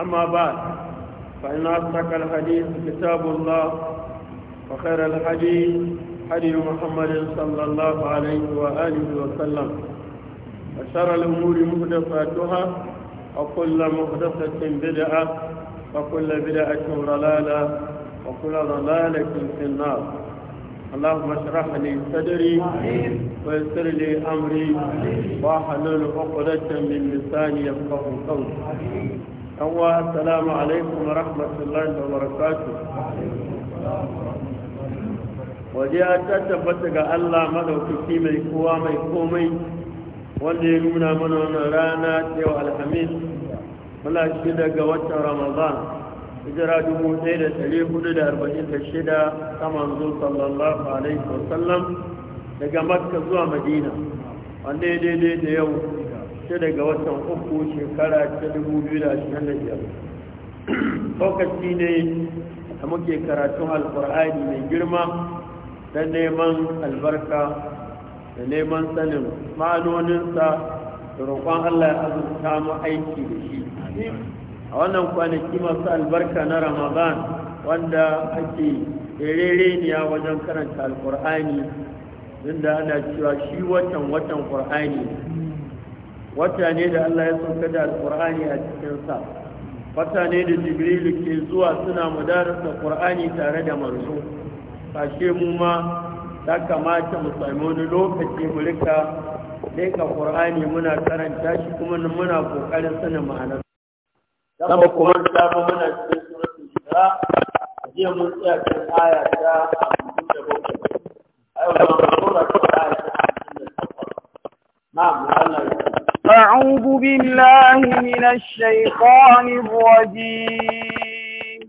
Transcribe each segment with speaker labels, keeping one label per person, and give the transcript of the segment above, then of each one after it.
Speaker 1: أما بعد فإن أصدق الحديث كتاب الله وخير الحديث حديث محمد صلى الله عليه وآله وسلم وشر الأمور محدثاتها وكل محدثة بدعة وكل بدعة ضلالة وكل ضلالة في النار اللهم اشرح لي صدري ويسر لي امري واحلل عقدة من لساني يفقه قولي أوه السلام عليكم ورحمة da وبركاته waje ta tabbata ga Allah madaukaki mai kowa mai komai wanda ya nuna mana wannan rana cewa alhamis muna shi daga watan ramadan hijira dubu ɗaya da ɗari hudu da arba'in da shida ta manzo sallallahu alaihi wasallam daga makka zuwa madina wanda ya daidai da yau shi daga watan uku shekara ta 2025 lokaci ne da muke karatun alkur'ani mai girma da neman albarka da neman sanin ma'anoninsa da roƙon allah ya azurta mu aiki da shi a wannan kwanaki masu albarka na ramadan wanda ake a wajen karanta alkur'ani inda ana cewa shi watan watan ƙur'ani wata ne da Allah ya sauka da alƙur'ani a cikinsa wata ne da jibrilu ke zuwa suna da ƙur'ani tare da marzu. kashe mu ma ta kamata mu sami wani lokaci mu rika leka ƙur'ani muna karanta shi kuma muna ƙoƙarin sanin ma'anar
Speaker 2: sama kuma da ba muna cikin
Speaker 1: suratul shura jiya mun tsaya cikin aya ta 57 ayo ba mu ta aya ta 58 na'am Allah ya
Speaker 2: أعوذ بالله من الشيطان الرجيم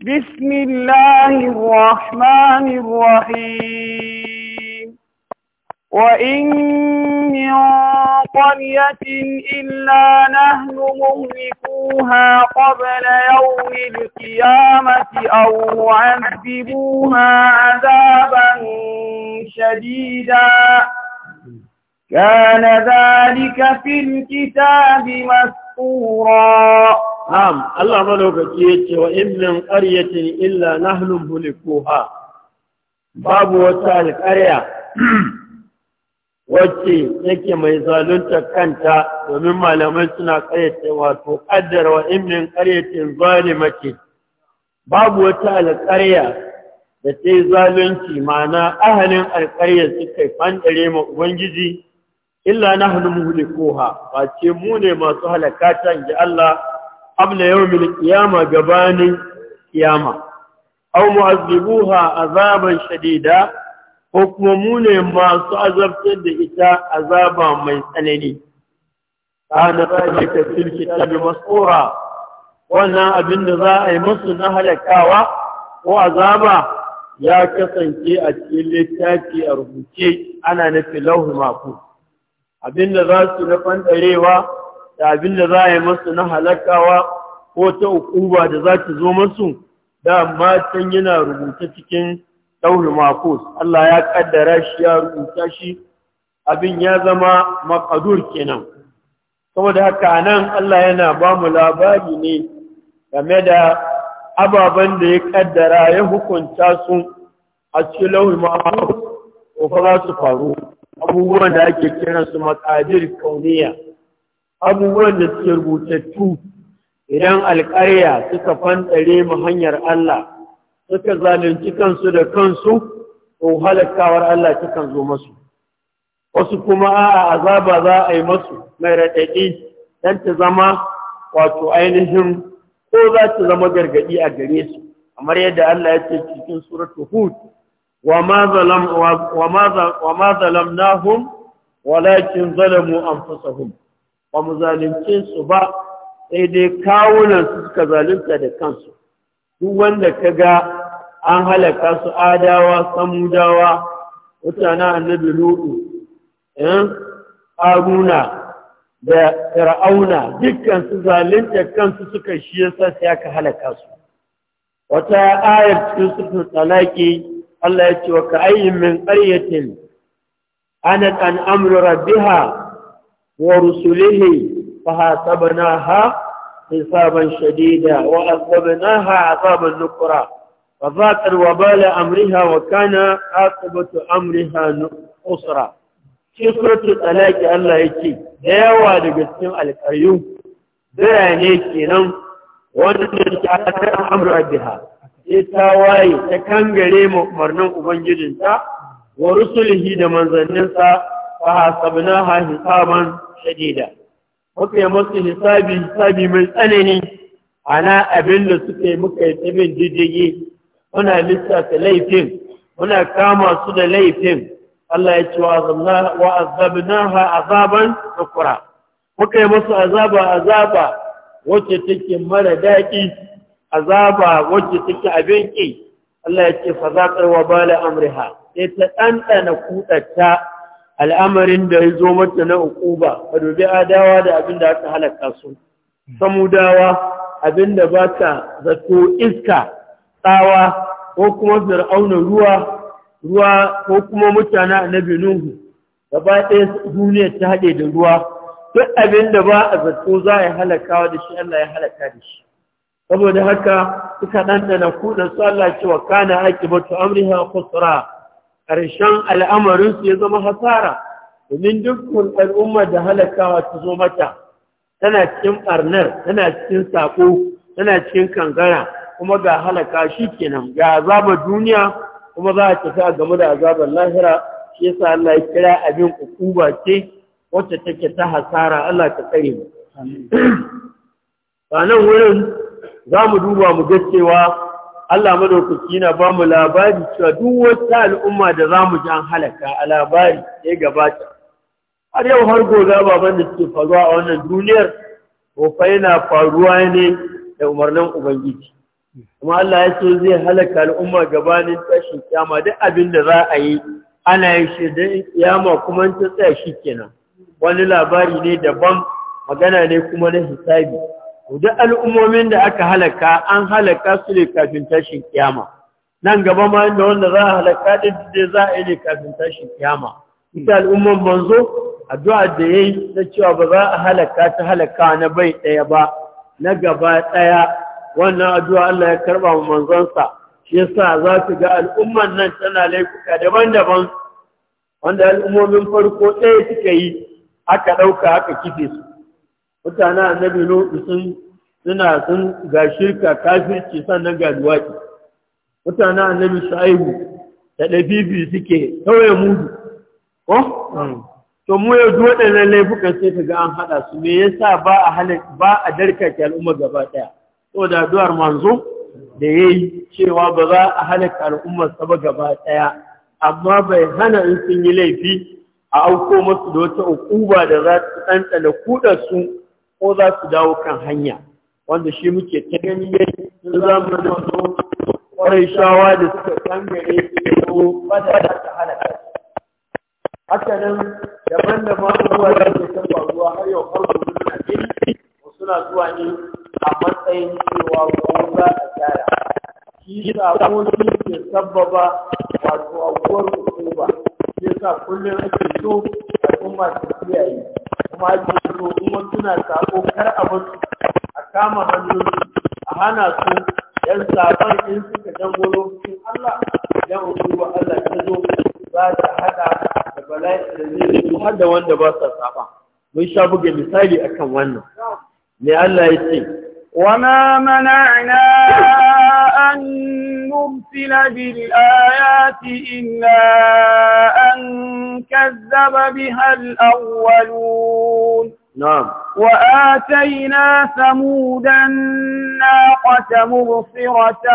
Speaker 2: بسم الله الرحمن الرحيم وإن من قرية إلا نحن مهلكوها قبل يوم القيامة أو معذبوها عذابا شديدا كان ذلك في الكتاب مسطورا
Speaker 1: نعم الله ملوك كيتي وإن من قرية إلا نهل ملكوها باب وصال قرية wacce yake mai zalunta kanta domin malamai suna ƙaryace wato ƙaddar wa in min ƙaryacin zalimace babu wata alƙarya da ta yi zalunci ma'ana ahalin alƙarya suka fandare ma ubangiji illa nahnu muhlikuha ba ce mu ne masu halaka ta inji Allah abla yawmil qiyama gabanin qiyama aw mu'azzibuha azaban shadida ko kuma mu ne masu azabtar da ita azaba mai tsanani ana zalika fil kitabi masura wannan abin da za a yi musu na halakawa ko azaba ya kasance a cikin littafi a rubuce ana nufin lauhu mafu abinda za su na fanɗarewa da abinda za a yi masu na halakawa ko ta ukuba da za ta zo masu da matan yana rubuta cikin ɗaurin makos Allah ya ƙaddara shi ya rubuta shi abin ya zama makadur kenan saboda haka nan Allah yana ba mu labari ne game da ababen da ya ƙaddara ya hukunta su a cikin lauhin makos ko fa za su faru abubuwan da ake kiransu su makadir kauniya abubuwan da suke rubutattu idan alƙarya suka fanɗare mu hanyar Allah suka zalunci kansu da kansu ko halakawar Allah takan zo masu wasu kuma a'a azaba za a yi masu mai raɗaɗi don ta zama wato ainihin ko za ta zama gargaɗi a gare su kamar yadda Allah ya ce cikin suratul Hud wa ma zalamnahum walakin zalamu anfusahum wa muzalimce su ba sai dai kawunan su suka zalunta da kansu duk wanda ka ga an halaka su adawa samudawa mutane annabi lu'u eh, aruna da fir'auna dukkan su zalunta kansu suka shi yasa sai aka halaka su wata ayar cikin sufin talaki Allah ya ce wa ka'ayyin min ƙaryatin ana an amru rabbiha wa rusulihi fa hasabnaha hisaban shadida wa azabnaha azaban nukra fa zaqat wa bala amriha wa kana aqibatu amriha usra cikin suratul talaq Allah yake da yawa daga cikin alƙaryu
Speaker 2: birane
Speaker 1: kenan wanda ta ta amru rabbiha ita ta waye ta kangare umarnin ubangijinta wa rusulihi da manzanninsa fa ha hisaban shadida muka yi masu hisabi hisabi mai tsanani ana abin da suka yi muka yi tabin diddigi muna lissafa laifin muna kama su da laifin Allah ya ce wa ha azaban shukura muka yi masu azaba azaba wacce take mara daɗi azaba wacce take abin ki Allah ya ce fazaqar wa bala amriha sai ta dandana kudatta al'amarin da ya zo mata na ukuba a dubi adawa da abin da aka halaka su samudawa abin da ba ta zato iska tsawa ko kuma fir'auna ruwa ruwa ko kuma mutane annabi nuhu gaba ɗaya duniya ta haɗe da ruwa duk abinda ba a zato za a halakawa da shi Allah ya halaka da shi saboda haka suka ɗanɗana kuɗin su Allah cewa kana haƙi batu amriha kusura ƙarshen al'amarinsu ya zama hasara domin dukkan al'ummar da halakawa ta zo mata tana cikin ɓarnar tana cikin saƙo tana cikin kangara kuma ga halaka shi kenan ga azabar duniya kuma za a tafi a game da azabar lahira shi yasa Allah ya kira abin ukuba ce wacce take ta hasara Allah ta tsare mu. Ba nan wurin za mu duba mu ga cewa Allah madaukaki yana ba mu labari cewa duk wata al'umma da za mu ji an halaka a labari ya gabata har yau har gobe baban da suke faruwa a wannan duniyar ko fa yana faruwa ne da umarnin ubangiji kuma Allah ya ce zai halaka al'umma gabanin tashin kiyama duk abin da za a yi ana yin shi da kiyama kuma ta tsaya shi kenan wani labari ne daban magana ne kuma na hisabi duk al'ummomin da aka halaka an halaka su ne kafin tashin kiyama nan gaba ma inda wanda za a halaka ɗin za a yi ne kafin tashin kiyama ita al'umman manzo addu'a da ya yi na cewa ba za a halaka ta halaka na bai ɗaya ba na gaba ɗaya wannan addu'a Allah ya karɓa wa manzonsa shi yasa za su ga al'umman nan tana laifuka daban-daban wanda al'ummomin farko ɗaya suka yi aka ɗauka aka kife su Mutane annabi lutu sun suna sun ga shirka kafirci sannan ga duwaki mutanen annabi shu'aibu da ɗabibi suke tauye mudu ko hmm. to mu zuwa da waɗannan laifukan sai ka ga an haɗa su me yasa ba a halin ba a darkake al'umma gaba ɗaya da addu'ar manzo da yayi cewa ba za a halaka al'ummar sa ba gaba daya amma bai hana in sun yi laifi a auko masu da wata ukuba da za su ɗanɗana kuɗa su ko za su dawo kan hanya wanda shi muke ta gani yayi sun da su kwarai shawa da suka kangare ko fata da ta halaka haka nan daban-daban zuwa da ke kan faruwa har yau har gobe suna gani suna zuwa ne a matsayin cewa ko za a gyara shi sako shi ke sababa wato abuwar ba, shi sa kullum ake so kuma su kiyaye fajin su in wasu suna sako kar abin a kama hannunsu, a hana su yan sabon in suka dango lokacin Allah idan usuwa Allah ta zo za ta hada da bala'i da zai zo har da wanda ba sa saba mun sha buga misali akan wannan ne Allah ya ce
Speaker 2: وما منعنا أن نرسل بالآيات إلا أن كذب بها الأولون نعم وآتينا ثمود الناقة مبصرة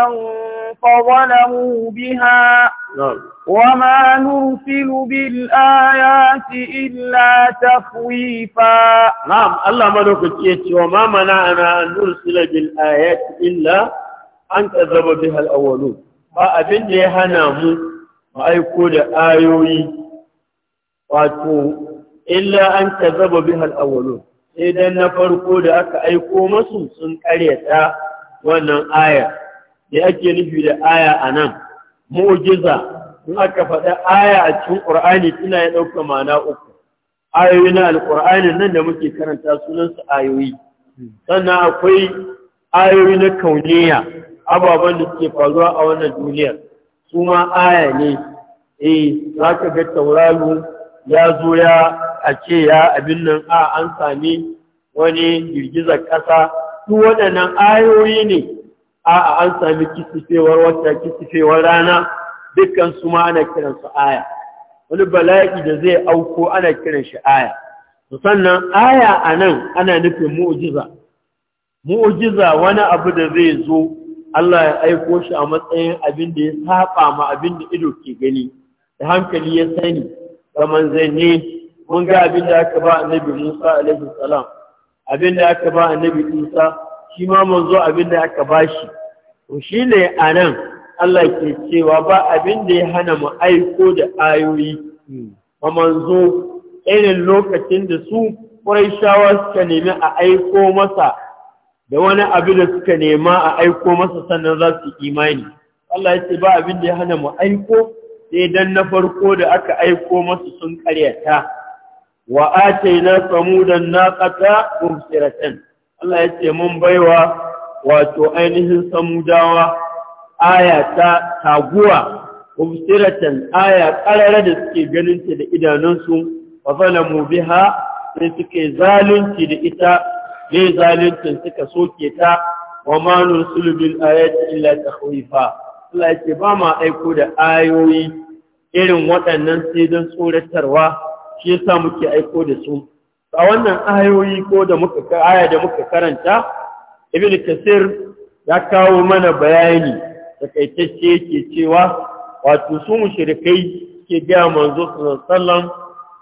Speaker 2: فظلموا بها وما نرسل بالآيات إلا تخويفا
Speaker 1: نعم الله ملوك يتي وما منعنا أن نرسل بالآيات إلا أن كذب بها الأولون فأبن لي هنامو وأيقول آيوي واتو إلا أن كذب بها الأولون إذا نفرقوا أك أيقو مسو سنكريتا wannan آية لأجل ake nufi أنام aya mu'jiza in aka faɗa aya a cikin Qur'ani tana ya ɗauka mana uku ayoyi na alƙur'ani nan da muke karanta sunansu ayoyi sannan akwai ayoyi na kauniya ababen da suke faruwa a wannan duniyar su ma aya ne eh za ka ga tauraro ya zo ya a ce ya abin nan a an sami wani girgizar ƙasa su waɗannan ayoyi ne a'a an sami kisifewar wata kisifewar rana dukkan su ma ana kiran su aya wani bala'i da zai auko ana kiran shi aya sannan aya a nan ana nufin mu'jiza mu'jiza wani abu da zai zo Allah ya aiko shi a matsayin abin da ya saba ma abin da ido ke gani da hankali ya sani ga manzanni mun ga abin da aka ba annabi Musa alaihi salam abin da aka ba annabi Isa shi ma manzo abin da aka bashi to shi ne a nan Allah ke cewa ba abin da ya hana mu aiko da ayoyi ma manzo irin lokacin da su shawa suka nemi a aiko masa da wani abu da suka nema a aiko masa sannan za su imani Allah ya ce ba abin da ya hana mu aiko sai dan na farko da aka aiko masa sun karyata wa atayna samudan naqata umsiratan Allah ya ce mun baiwa wato ainihin samudawa aya ta taguwa kubsiratan aya karara da suke ganinta da idanunsu wa zalamu biha sai suke zalunci da ita ne zalunci suka soke ta wa ma nursilu bil ayati illa takhwifa Allah ya ce ba ma aiko da ayoyi irin waɗannan sai don tsoratarwa shi yasa muke aiko da su a wannan ayoyi ko da muka aya da muka karanta ibn kasir ya kawo mana bayani takaitacce yake cewa wato su mushrikai ke ga manzo sallallahu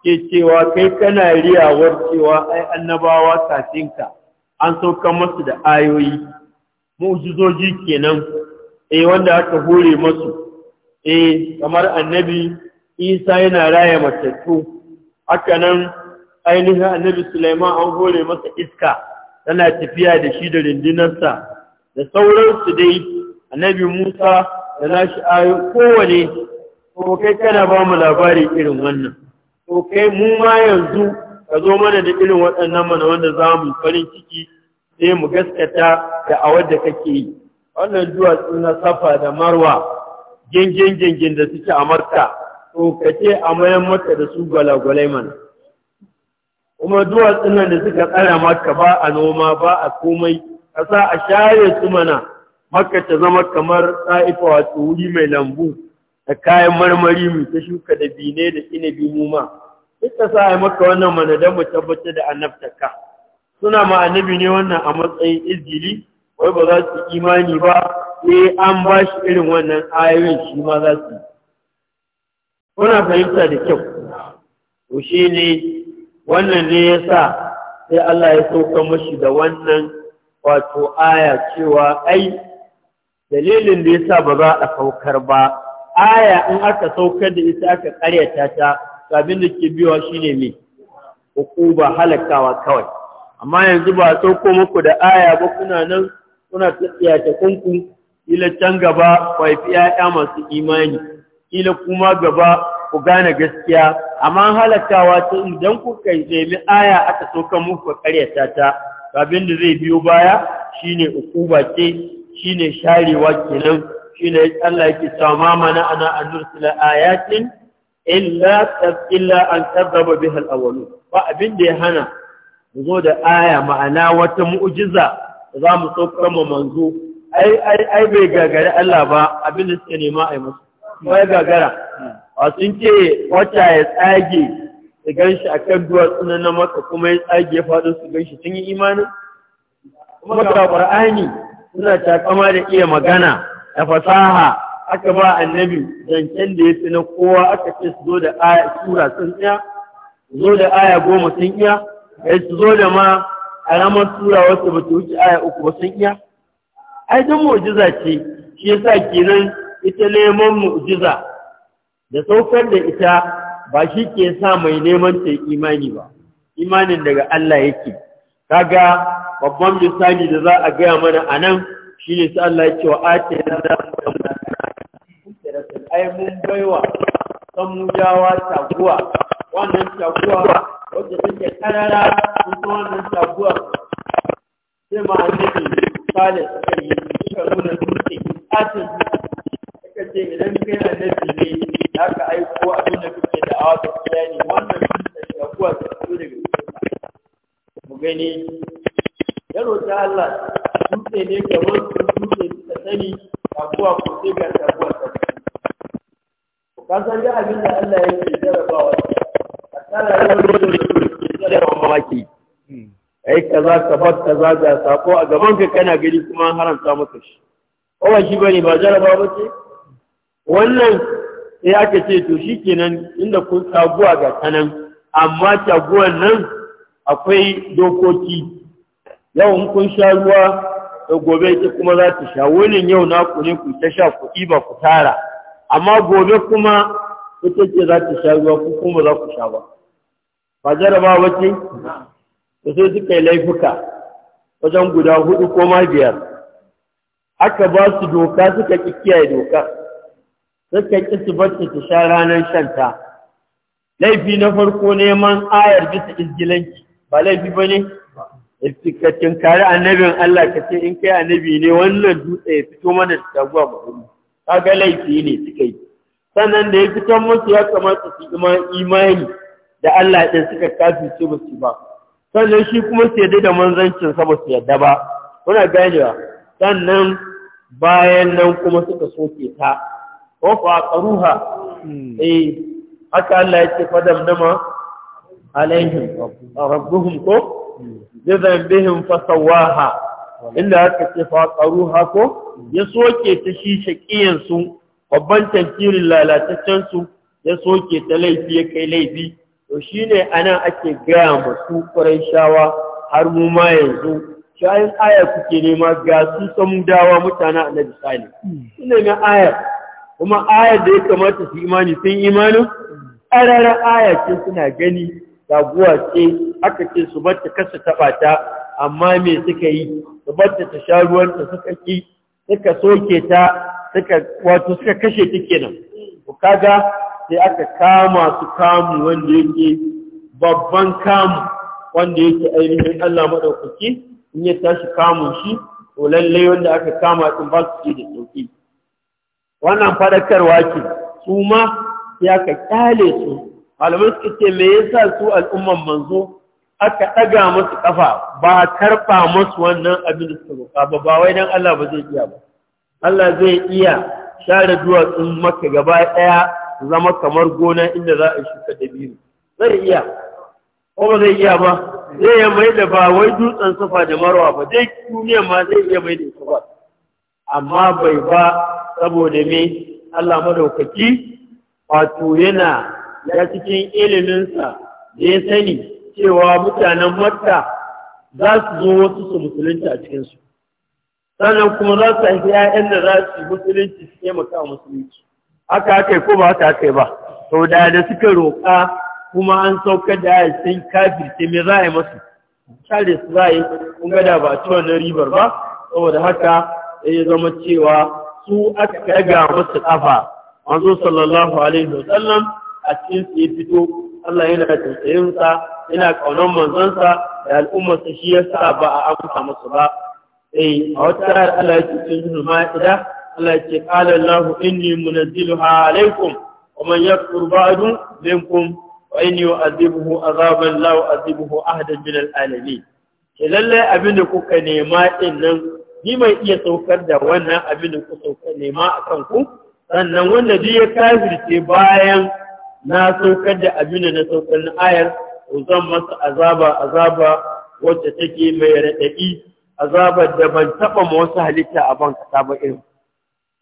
Speaker 1: ke cewa kai kana riyawar cewa ai annabawa kafin ka an sauka musu da ayoyi mu'jizoji kenan eh wanda aka hore masu eh kamar annabi Isa yana raya matattu haka nan ainihin annabi Sulaiman an hore masa iska tana tafiya da shi da rindinarsa da sauransu dai annabi Musa da nashi ayo kowane ko kai kana ba mu labari irin wannan ko kai mu ma yanzu ka zo mana da irin waɗannan mana wanda za mu farin ciki sai mu gaskata da a wadda kake yi wannan duwatsu na safa da marwa gengen gengen da suke a makka to ka a mayan mata da su gwalagwalai mana kuma duwatsun nan da suka tsara maka ba a noma ba a komai sa a share su mana maka ta zama kamar tsa'ifa wato wuri mai lambu da kayan marmari mu ta shuka da bine da inabi mu ma duk sa a maka wannan mana don mu tabbatar da annabtaka suna ma annabi ne wannan a matsayin izgili wai ba za su imani ba sai an ba shi irin wannan ayoyin shi ma za su yi kuna fahimta da kyau to ne wannan ne ya sa sai Allah ya sauka mashi da wannan wato aya cewa ai dalilin da ya sa ba za a saukar ba aya in aka saukar da ita aka karyata ta abin da ke biyowa shine me hukuba halakawa kawai amma yanzu ba a sauko muku da aya ba kuna nan kuna tafiya ta kunku ila can gaba kwaifi 'ya'ya masu imani ila kuma gaba ku gane gaskiya amma halattawa ta idan kuka nemi aya aka soka muku karyata ta abin da zai biyo baya shine ukuba ce shine sharewa kenan shine Allah yake cewa ma mana ana an ayatin illa illa an kadzaba biha al ba abin ya hana mu zo da aya ma'ana wata mu'jiza za mu saukar mu manzo
Speaker 2: ai ai ai bai gagara Allah ba
Speaker 1: abin da suke nema ai musu bai gagara a sun ce wata ya tsage su gan shi a kan duwatsu na maka kuma ya tsage ya faɗo su gan shi sun yi imanin kuma ga ƙwar'ani suna takama da iya magana da fasaha aka ba annabi zancen da ya fi na kowa aka ce su zo da aya sura sun iya zo da aya goma sun iya kai su zo da ma alamar sura wasu ba ta wuce aya uku ba sun iya ai don mu'jiza ce shi yasa kenan ita neman mu'jiza da saukar da ita ba shi ke sa mai neman ta imani ba imanin daga Allah yake kaga babban misali da za a gaya mana a nan shi ne su Allah ya ce wa ake da za ku ai mun baiwa jawa taguwa wannan taguwa wadda take karara sun wannan taguwa sai ma annabi salih sai ya nuna dutse asin ce idan kai annabi ne haka ka aiko abin da kuke da awa da kiya ne wannan da kuwa da su daga mu gani ya ta Allah dutse ne kamar su dutse ta sani taguwa ko sai ga taguwa ta ka san ga abin da Allah yake jarabawa a tsara rawar da ke jarabawa mamaki ai kaza ka ka kaza ga sako a gaban ka kana gani kuma haramta maka shi kowa shi bane ba jarabawa ba ce wannan sai aka ce to shi kenan inda kun taguwa ga tanan amma taguwan nan akwai dokoki yau kun sha ruwa da gobe ita kuma za ta sha wani yau na ku ne ku ta sha ku ba ku tara amma gobe kuma ita ce za ta sha ruwa ku kuma za ku sha ba ba jaraba ba ce da sai suka yi laifuka wajen guda hudu ko ma biyar aka ba su doka suka ƙi kiyaye doka suka ƙi su bacci sha ranar shanta laifi na farko neman ayar bisa izgilanki ba laifi ba ne ka tinkari annabin Allah ka ce in kai annabi ne wannan dutse ya fito mana da taguwa ba kuma kaga laifi ne suka yi sannan da ya fito musu ya kamata su imani da Allah ɗin suka kafin su ba su ba sannan shi kuma su yadda da manzancin sa ba su yadda ba kuna ganewa sannan bayan nan kuma suka soke ta ko fa qaruha aka hmm. eh, haka Allah ya ce fadam dama alaihim rabbuhum ko bi hmm. dhanbihim fasawaha inda haka ce fa ko ya soke ta shi shaqiyan su babban tankirin lalataccen su ya soke ta laifi ya kai laifi to shine anan ake gaya masu shawa har mu ma yanzu shayin aya kuke nema ga su dawa mutana annabi salih hmm. shine ne ayar kuma ayar da ya kamata su imani sun imanin ƙararar aya suna gani taguwa ce aka ce su barta kasa taɓa ta amma me suka yi su barta ta sha ruwanta suka ƙi suka soke ta wato suka kashe ta kenan ku kaga sai aka kama su kamu wanda yake babban kamu wanda yake ainihin Allah maɗaukaki in ya tashi kamun shi ko lallai wanda aka kama ɗin ba su ce da sauki wannan fadakarwa ce su ma ya ka kyale su malamai suka ce me yasa su al'umman manzo aka ɗaga musu ƙafa ba a karɓa musu wannan abin da suka roƙa ba ba wai don Allah ba zai iya ba Allah zai iya share duwatsun maka gaba ɗaya zama kamar gona inda za a shuka biyu zai iya
Speaker 2: ko ba zai iya ba
Speaker 1: zai iya mai da ba wai dutsen safa da marwa ba zai duniya ma zai iya mai da safa ba amma bai ba saboda me Allah madaukaki wato yana ya cikin iliminsa da ya sani cewa mutanen Makka za su zo wasu su musulunci a cikinsu
Speaker 2: sannan kuma za
Speaker 1: su haifi ‘ya'yan da za su musulunci su taimaka wa musulunci haka aka ko ba haka aka ba to da da suka roƙa kuma an saukar da ya sun ce me za a yi masu kyale su za a yi kun gada ba a na wannan ribar ba saboda haka sai ya zama cewa su aka ɗaga musu ƙafa manzo sallallahu alaihi wasallam a cikin su ya fito Allah yana da tausayinsa yana ƙaunar manzonsa da al'ummarsa shi yasa ba a amsa musu ba eh a wata ayar Allah ce cikin sura Ma'ida Allah ce qala Allahu inni munazziluha alaikum wa man yakfur ba'du minkum wa inni yu'adhibuhu azaban la yu'adhibuhu ahadan min al-alamin ke lalle abin da kuka nema din nan ni mai iya saukar da wannan abin da ku sauka nema a kanku sannan wanda duk ya kafirce bayan na saukar da abin da na saukar na ayar ko zan masa azaba azaba wacce take mai raɗaɗi azabar da ban taɓa ma wasu halitta a ban kasa ba irin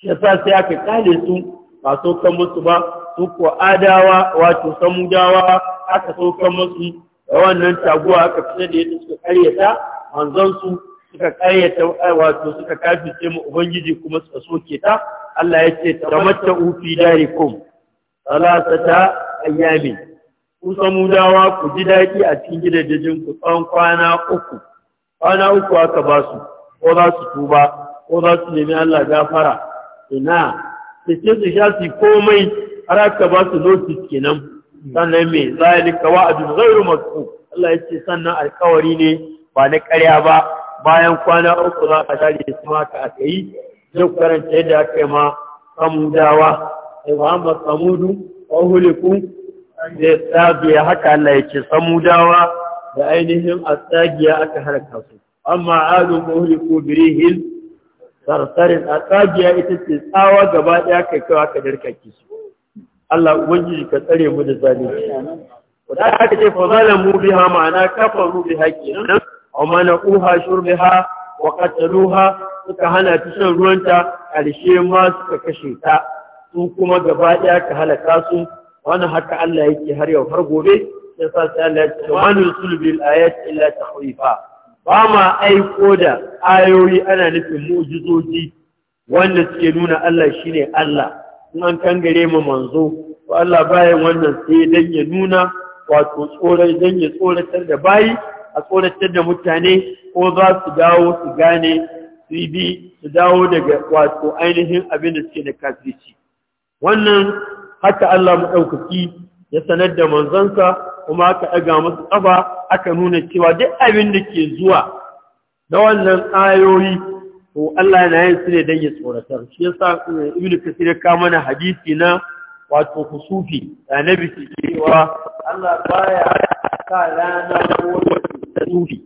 Speaker 1: shi yasa sai aka kale su ba saukar musu ba su ko adawa wato samudawa aka saukar musu
Speaker 2: da wannan taguwa aka
Speaker 1: fitar da yadda suka karyata manzon su suka kayyata eh, wato suka kafice mu ubangiji kuma suka soke ta Allah ya ce tamatta'u fi Salasa ta ayyami ku dawa ku ji daɗi a cikin gidajen ku tsawon kwana uku kwana uku aka ba su ko za su tuba ko za su nemi Allah gafara ina Ta ce su sha su komai har aka ba su notice kenan sannan me zalika wa'adun ghairu masu Allah ya ce sannan alkawari ne ba na ƙarya ba bayan kwana uku za a tare su ma ka aka yi duk karanta yadda aka yi ma kamudawa muhammad kamudu wahuliku da tsagiya haka Allah ya ce samudawa da ainihin a tsagiya aka harka su amma alu wahuliku birihil sarsarin tsagiya ita ce tsawa gaba ɗaya kai kawai aka darkake su Allah ubangiji ka tsare mu da zalunci Wata aka ce fa zalamu biha ma'ana kafaru biha nan ومنعوها wa وقتلوها suka hana ta shan ruwanta ƙarshe ma suka kashe ta su kuma gaba ɗaya ka halaka su Wani haka Allah yake har yau har gobe Ya sa sai Allah ya ce wa nusul bil ayat illa tahwifa
Speaker 2: ba ma aiko
Speaker 1: da ayoyi ana nufin mu'jizoji wanda suke nuna Allah shine Allah in an kangare mu manzo Ko Allah bayan wannan sai dan ya nuna wato tsorai dan ya tsoratar da bayi a tsoratar da mutane ko za su dawo su gane su bi su dawo daga wato ainihin abin da suke da kafirci wannan haka Allah mu maɗaukaki ya sanar da manzansa kuma aka ɗaga masu ƙafa aka nuna cewa duk abin da ke zuwa Na wannan ayoyi to Allah na yin su ne don ya tsoratar shi yasa ibnu kasir ya eh, kama mana hadisi na wato kusufi annabi ke cewa Allah baya sa rana ko sufi?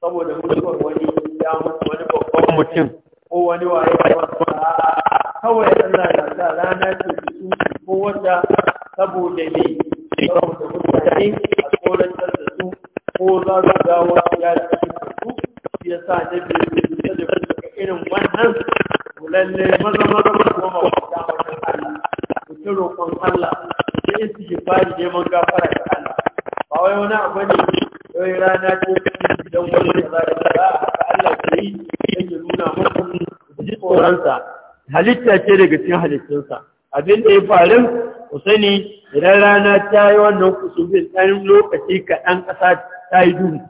Speaker 1: saboda mutuwar wani ya mutu wani babban mutum ko wani waye kawai Allah ya sa rana ce kusufi ko wata saboda ne saboda mutane a tsoron da su ko za su dawo ya ci su ya sa da biyu da irin wannan lalle maza maza kuma ta roƙon Allah da fari neman gafara ga Allah ba wai wani abu ne yi rana ko dan wani da za ta ba Allah ta yi ke nuna muku ji tsoronsa halitta ce daga cikin halittunsa abin da ya faru ku sani idan rana ta yi wannan kusurin ɗan lokaci kaɗan ƙasa ta yi duhu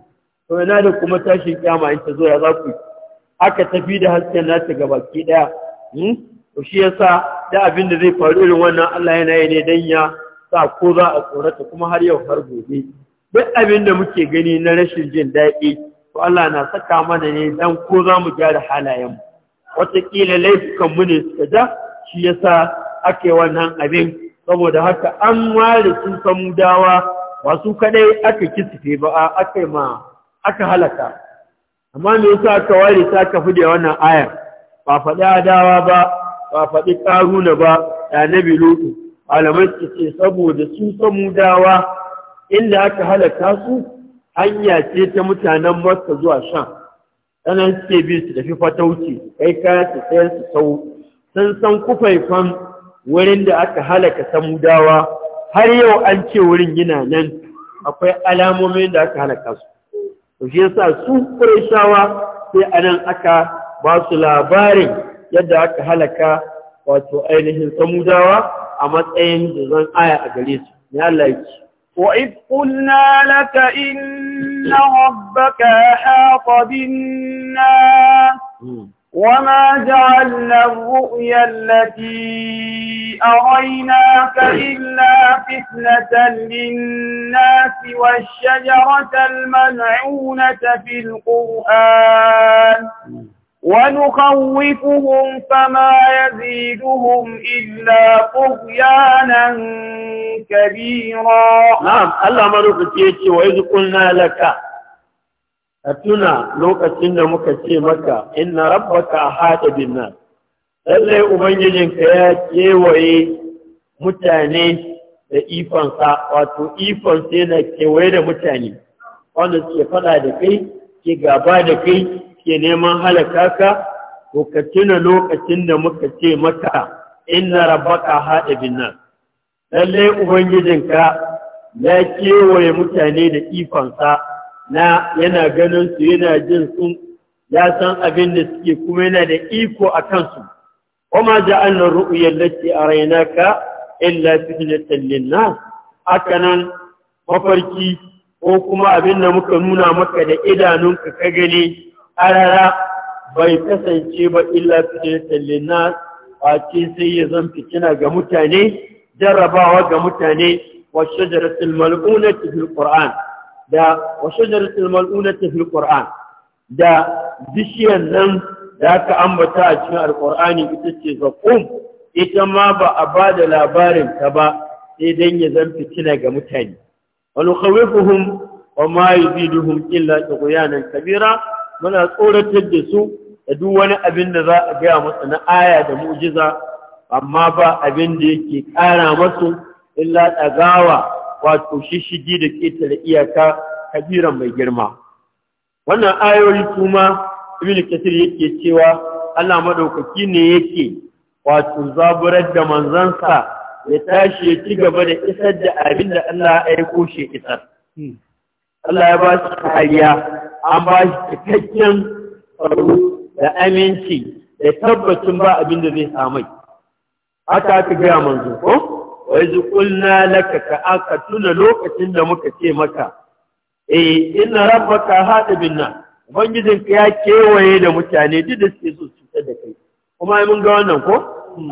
Speaker 1: to yana da kuma tashin kyama in ta zo ya za ku aka tafi da hasken nata ga baki ɗaya hmm? ku shi yasa da abin da zai faru irin wannan Allah yana yi ne dan ya sa ko za a tsorata kuma har yau har gobe duk abin da muke gani na rashin jin daɗi to Allah na saka mana ne dan ko za mu gyara halayen mu wataƙila laifukan mu ne suka ja shi yasa ake wannan abin saboda haka an ware sun samu dawa su kadai aka kisife ba aka ma aka halaka amma me yasa aka ware ta aka fide wannan ayar ba faɗi dawa ba ba faɗi ƙaruna ba da na biloto, malamai su ce saboda su dawa inda aka halaka su hanya ce ta mutanen masu zuwa shan sanan suke bi su tafi fatauci kai kaya su sayar su sau sun san kufaifan wurin da aka halaka dawa, har yau an ce wurin yana nan akwai alamomin da aka halaka su to shi yasa su shawa sai anan aka ba su labarin yadda aka halaka wato ainihin samudawa a matsayin zan aya a gare su ya
Speaker 2: وإذ قلنا لك إن ربك أحاط بالناس وما جعلنا الرؤيا التي أريناك إلا فتنة للناس والشجرة الملعونة في القرآن ونخوفهم فما يزيدهم إلا طغيانا كبيرا نعم الله ملوك تيتي وإذ
Speaker 1: tuna lokacin da muka ce maka, inna إن ربك أحاط بالناس lallai ka ya kewaye mutane da ifansa wato ifansa yana kewaye da mutane wanda suke faɗa da kai ke gaba da kai suke neman halaka ka ko ka tuna lokacin da muka ce maka inna rabbaka ha'ibin nan lalle ubangijinka ya kewaye mutane da ikonsa na yana ganin su yana jin su ya san abin da suke kuma yana da iko a kansu kuma ja'alna ru'yal lati araynaka illa fitnatan lin-nas hakanan mafarki ko kuma abin da muka nuna maka da idanunka ka gani ƙarara bai kasance ba illa fitinatan a cikin sai ya zan fitina ga mutane jarrabawa ga mutane wa shajaratul mal'unati fil qur'an da wa shajaratul mal'unati fil qur'an da bishiyan nan da aka ambata a cikin alqur'ani ita ce zakum ita ma ba a ba da labarin ta ba sai dan ya zan fitina ga mutane wa nukhawifuhum wa ma yuziduhum illa tughyanan kabira muna tsoratar da su da duk wani abin da za a gaya masa na aya da mu'jiza amma ba abin da yake ƙara masu illa ɗagawa wato shishigi da ƙetare iyaka kabiran mai girma wannan ayoyi kuma ibn kathir yake cewa Allah madaukaki ne yake wato zaburar da manzansa ya tashi ya ci gaba da isar da abin da Allah ya aiko shi isar hmm. Allah ya ba shi kariya an ba shi cikakken tsaro da aminci da tabbacin ba abin da zai samai haka aka gaya manzo ko wai kulna laka ka aka tuna lokacin da muka ce maka eh inna ka haɗa binna ubangijin ka ya kewaye da mutane duk da suke so cutar da kai kuma mun ga wannan ko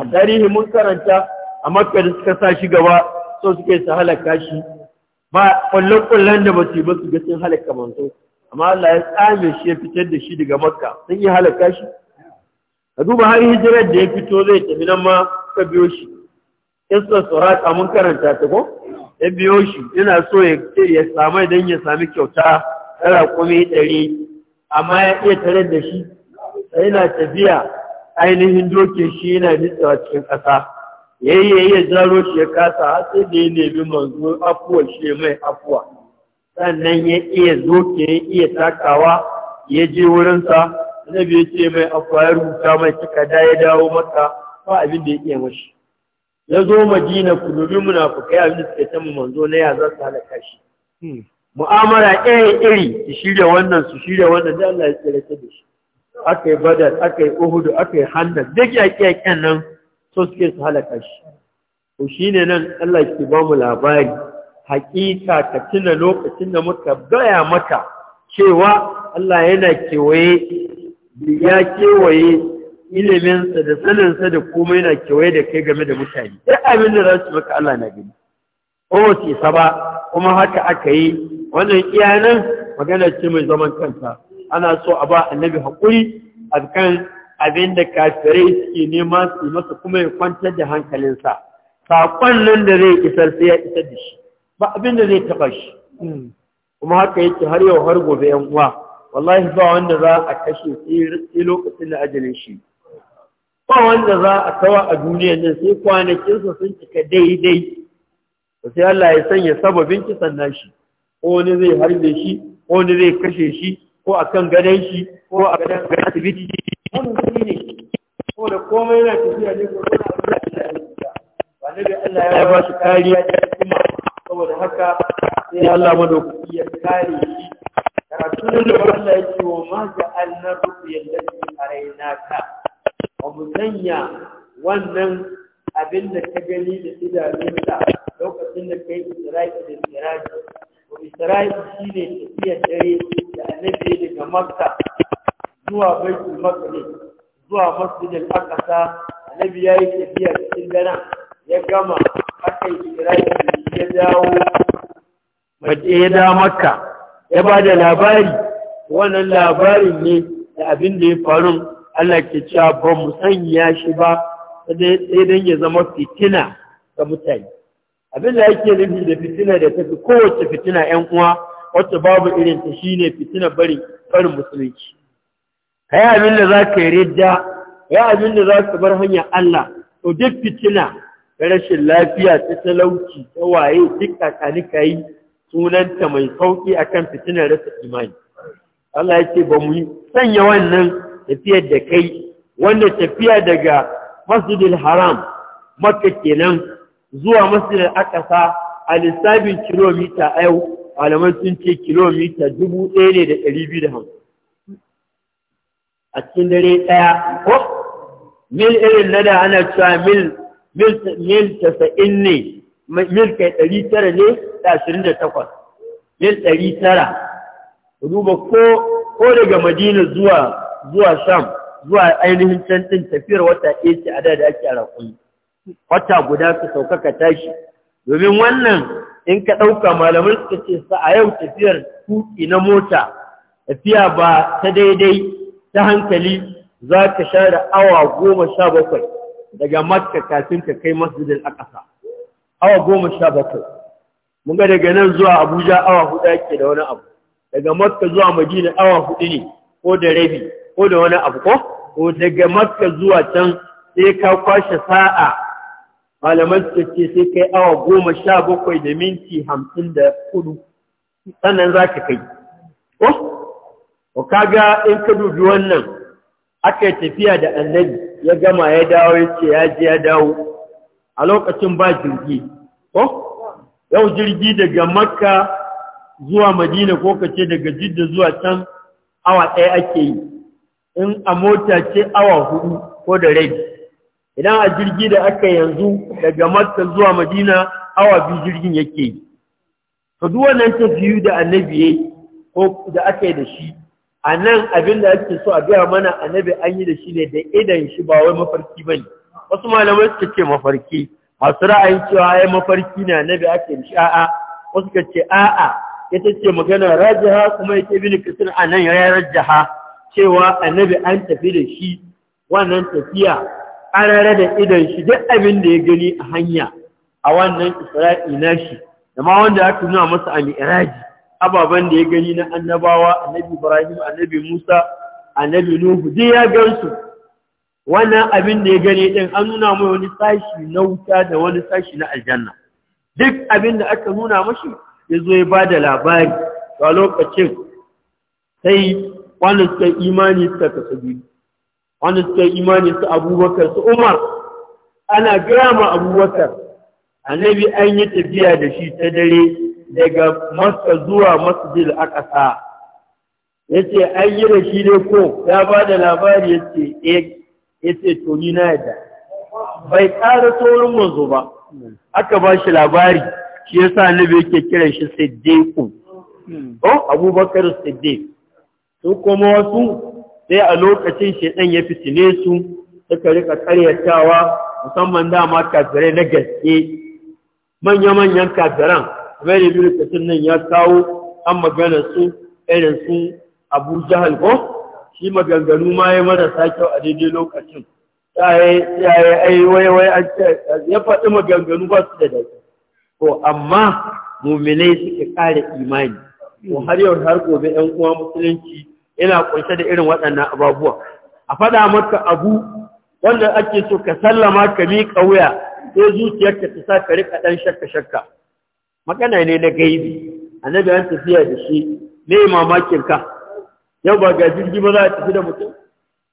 Speaker 1: a tarihi mun karanta a makka da suka sa shi gaba so suke su halaka shi ba ƙwallon-ƙwallon da ba su ba su ga sun halaka manzo amma Allah ya tsame shi ya fitar da shi daga makka sun yi halaka shi a duba har hijirar da ya fito zai tafi nan ma ka biyo shi isra suraka mun karanta ta ko ya biyo shi yana so ya ya samu idan ya sami kyauta tara kuma ɗari amma ya iya tare da shi yana tafiya ainihin dokin shi yana nitsawa cikin ƙasa
Speaker 2: yayi yayi ya jaro shi
Speaker 1: ya kasa har sai da ya nemi manzo afuwa shi mai afuwa sannan ya iya zoke ya iya takawa ya je wurinsa Na biyu ce mai akwai rubuta mai takarda ya dawo maka ba abin da ya iya mashi
Speaker 2: ya zo madina ku dubi
Speaker 1: kai abin da suka ta mu manzo na ya za su halaka shi hmm. mu'amala ɗaya iri su shirya wannan su shirya wannan da Allah ya tsere da shi aka yi badar aka yi uhudu aka yi hannan duk ƙi yaƙen nan so suke su halaka shi to shine nan Allah ke ba mu labari haƙiƙa ta tuna lokacin da muka gaya maka cewa Allah yana kewaye ya kewaye iliminsa da saninsa da kuma yana kewaye da kai game da mutane duk abin da za su maka Allah na gani ko su isa ba kuma haka aka yi wannan iyanan magana ce mai zaman kanta ana so a ba annabi hakuri a kan abin da kafirai suke nema su masa kuma ya kwantar da hankalinsa saƙon nan da zai isar sai ya isar da shi ba abin da zai taɓa shi kuma haka yake har yau har gobe yan uwa wallahi ba wanda za a kashe sai lokacin da ajalin shi ba wanda za a kawa a duniya nan sai kwanakinsa sun cika daidai sai Allah ya sanya sababin kisan nashi ko wani zai harbe shi ko wani zai kashe shi ko a kan gadon shi ko a gadon gadon asibiti ne ko da komai yana tafiya ne ko wani da Allah ya ba shi kariya da kuma saboda haka sai Allah madaukaki ya kare shi karatun da Allah ya ce wa ma ja'alna ru'yal lati araynaka wa musanya wannan abin da ka gani da idanunka lokacin da kai Isra'i da Miraji ko Isra'i shine tafiya dare da annabi daga Makka zuwa Baitul Maqdis zuwa Masjidil Aqsa annabi yayi tafiya cikin gana. ya gama aka yi ya dawo ya da makka ya ba da labari wannan labarin ne da abin da ya faru Allah ke cewa ba mu sanya shi ba sai don ya zama fitina ga mutane abin da yake nufi da fitina da tafi kowace fitina ‘yan uwa wacce babu irin ta shine fitina barin barin musulunci kai abin da za ka yi ridda kai abin da za bar hanyar Allah to duk fitina rashin lafiya ta talauci ta waye duk kakanika yi sunanta mai sauƙi a kan fitinar rasa imani Allah ya ce ba mu sanya wannan tafiyar da kai wanda tafiya daga masjidil haram makka kenan zuwa masjidil akasa a lissafin kilomita yau malaman sun ce kilomita dubu ɗaya ne da ɗari biyu da hamsin a cikin dare ɗaya ko mil irin nada ana cewa mil mil tasa'in ne mil kai ɗari tara ne da ashirin da takwas mil ɗari tara duba ko daga madina zuwa zuwa sham zuwa ainihin can tafiyar wata ɗaya ce a da da ake a wata guda su saukaka tashi domin wannan in ka ɗauka malamai suka ce sa a yau tafiyar tuki na mota tafiya ba ta daidai ta hankali za ka share awa goma sha bakwai daga makka kafin ka kai masjidin akasa awa goma sha bakwai mun ga daga nan zuwa abuja awa huɗu ake da wani abu daga makka zuwa madina awa huɗu ne ko da rabi ko da wani abu ko ko daga makka zuwa can sai ka kwashe sa'a malaman su ce sai kai awa goma sha bakwai da minti hamsin da hudu sannan za ka kai ko ka ga in ka dubi wannan aka yi tafiya da annabi ya gama ya dawo ya ce ya ji ya dawo a lokacin ba jirgi ko yau jirgi daga makka zuwa madina ko kace daga jidda zuwa can awa ɗaya ake yi in a mota ce awa hudu ko da rabi idan a jirgi da aka yanzu daga makka zuwa madina awa biyu jirgin yake yi ka duk wannan tafiyu da annabi ko da aka yi da shi a nan abin da ake so a gaya mana annabi an yi da shi ne da idan shi ba wai mafarki ba ne wasu malamai suka ce mafarki masu ra'ayin cewa ya mafarki ne annabi ake da shi a'a wasu ka ce a'a ita ce magana rajaha kuma ya ce bin kasir a nan ya rajaha cewa annabi an tafi da shi wannan tafiya ƙarare da idan shi duk abin da ya gani a hanya a wannan isra'i na shi da ma wanda aka nuna masa a mi'raji ababen da ya gani na annabawa annabi ibrahim annabi musa annabi nuhu dai ya gansu wannan abin da ya gani din an nuna mai wani sashi na wuta da wani sashi na aljanna duk abin da aka nuna mashi ya zo ya ba da labari a lokacin sai wanda suka imani suka kasu biyu suka imani su abubakar su umar ana gaya ma abubakar annabi an yi tafiya da shi ta dare daga masa zuwa masjid al-aqsa yace an yi da shi ne ko ya ba da labari yace eh yace to ni na yadda bai tsara saurin manzo ba aka ba shi labari shi yasa annabi yake kiran shi siddiqu ko abubakar siddiq su kuma wasu sai a lokacin shedan ya fitine su suka rika karyatawa musamman dama kafirai na gaske manya-manyan kafiran Bai da biyu nan ya kawo an magana su irin su abu jihar ko shi maganganu ma ya marasa kyau a daidai lokacin yayi waiwai an ce ya faɗi maganganu ba su da daji to amma muminai suke kare imani ko har yau har gobe 'yan uwa musulunci yana kunshe da irin waɗannan ababuwa a faɗa maka abu wanda ake so ka sallama ka miƙa wuya sai zuciyarka ta sa ka rika ɗan shakka shakka magana ne na gaibi annabi an tafiya da shi ne mamakin ka yau ba ga jirgi ba za a tafi da mutum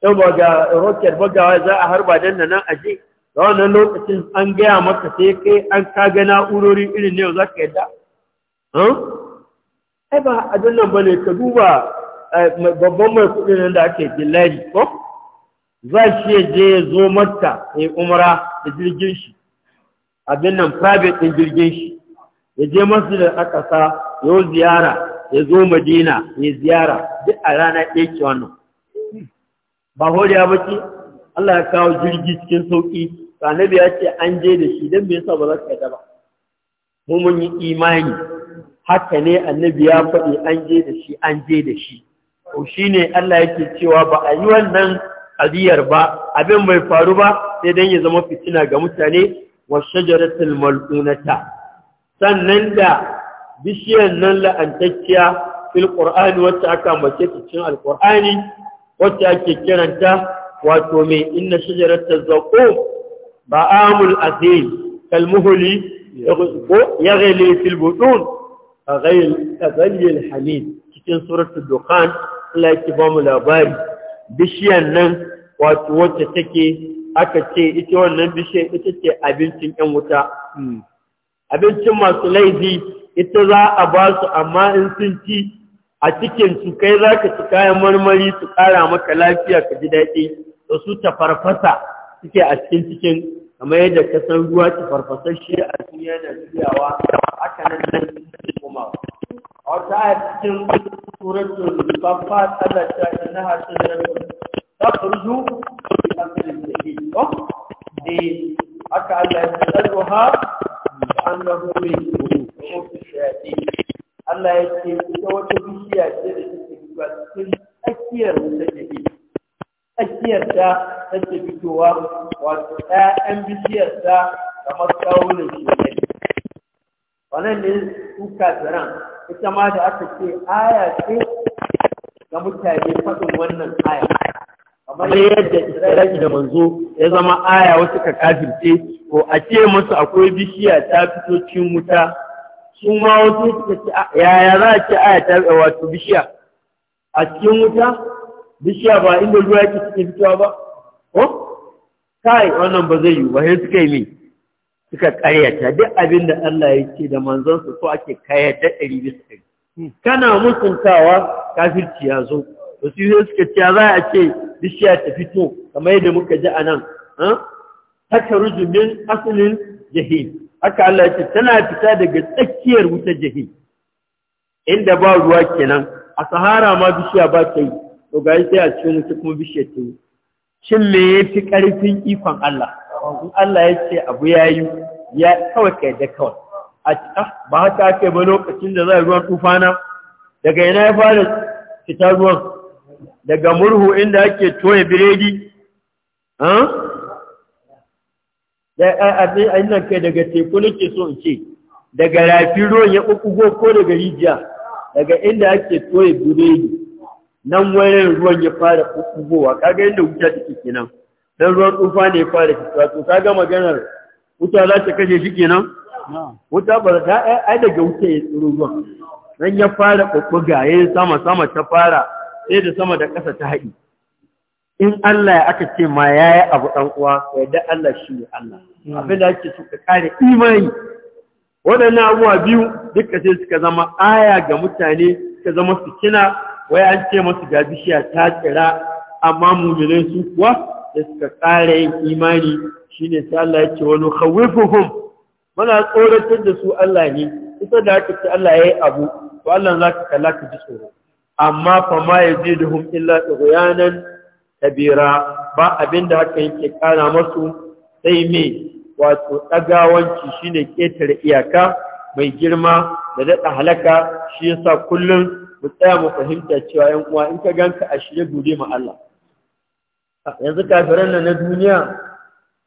Speaker 1: yau ba ga rocket ba ga za a harba dan nan aje da wannan lokacin an gaya maka sai kai an kaga na'urori irin ne za ka yadda ai ba abin nan ba ne ka duba eh, babban mai kuɗi nan da ake billahi ko za shi ya je ya zo mata ya umara da jirgin shi abin nan private ɗin jirgin shi ya je masjidar akasa ya ziyara ya zo madina ya ziyara duk a rana ɗaya wannan ba hori ba ce Allah ya kawo jirgi cikin sauƙi annabi ya ce an je da shi don me yasa ba za ka yadda ba mu mun yi imani haka ne annabi ya faɗi an je da shi an je da shi to shine Allah yake cewa ba a yi wannan ƙadiyar ba abin bai faru ba sai dan ya zama fitina ga mutane wa shajaratul mal'unata sannan da bishiyar nan la'antacciya fil qur'ani wacce aka mace ta cikin alqur'ani wacce ake kiranta wato mai inna shajarata zaqum ba'amul azim kalmuhli yaghli fil butun ghayl hamid cikin suratul dukhan Allah ya ba mu labari bishiyar nan wato wacce take aka ce ita wannan bishiyar ita ce abincin 'yan wuta hmm. abincin masu laifi ita za a ba su amma in sun ci a cikin su kai za ka ci kayan marmari su ƙara maka lafiya ka ji daɗi da su tafarfasa suke a cikin cikin kamar yadda ka san ruwa shi a cikin yana juyawa aka nan nan kuma a wata a cikin suratul da Allah ta innaha sunnatun takhruju min amri al da oh, eh, aka Allah ya tsarruha da annahu min Allah ya ce ita wata bishiya ce da take fitowa cikin tsakiyar da take tsakiyar ta take fitowa wato ɗayan bishiyar ta kamar kawunan shi ne wannan ne suka zaran ita ma da aka ce aya ce ga mutane faɗin wannan aya kamar yadda isra'i da manzo ya zama aya wasu ka kafirce ko a ce musu akwai bishiya ta fito cikin wuta su ma wasu suka ce yaya za a ce aya ta wato bishiya a cikin wuta bishiya ba inda ruwa yake suke fitowa ba ko kai wannan ba zai yi ba sai suka yi ne suka karyata duk abin da Allah ya ce da manzon su so ake kayyata ɗari bisa ɗari hmm. kana mutuntawa kafirci ya zo wasu yi suka cewa za a ce bishiya ta fito kamar yadda muka ji a nan haka rujumin asalin jahi haka Allah ce tana fita daga tsakiyar wuta jahi inda ba ruwa kenan a sahara ma bishiya ba ta yi to ga sai a cikin wuta kuma bishiya ta yi shin me ya fi ƙarfin ikon Allah in Allah ya ce abu ya yi ya kawai kai da kawai a ah, ba haka ake ba lokacin da za a ruwan tufana daga ina ya fara fitar ruwan daga murhu inda ake toye biredi da a nan kai daga teku nake so ce daga rafi ruwan ya ɓuɓɓugo ko daga rijiya daga inda ake toye biredi nan wurin ruwan ya fara ɓuɓɓugowa kaga inda wuta take kenan don ruwan tsufa ne ya fara fitowa to kaga maganar wuta za ta kashe shi kenan wuta ba ta ai daga wuta ya tsiro ruwan nan ya fara ɓuɓɓuga yayin sama sama ta fara sai da sama da ƙasa ta haɗi in Allah ya aka ce ma ya yi abu ɗan uwa yadda Allah shi ne Allah hmm. abin da ake suka kare imani waɗannan abuwa biyu duka sai suka zama aya ga mutane suka zama su kina wai an ce masu ga bishiya ta tsira amma mummunai su kuwa da suka ƙara yin imani ne sai Allah ya ce wani khawifuhum muna tsoratar da su Allah ne ita da aka ce Allah ya yi abu to Allah za ka kalla ka ji tsoro amma fa ma yazidhum illa tughyanan kabira ba abinda haka yake kara masu sai me wato dagawanci shine ketare iyaka mai girma da daɗa halaka shi yasa kullum mu tsaya mu fahimta cewa yan uwa in ka ganka a shirye gode ma Allah yanzu kafiran nan na duniya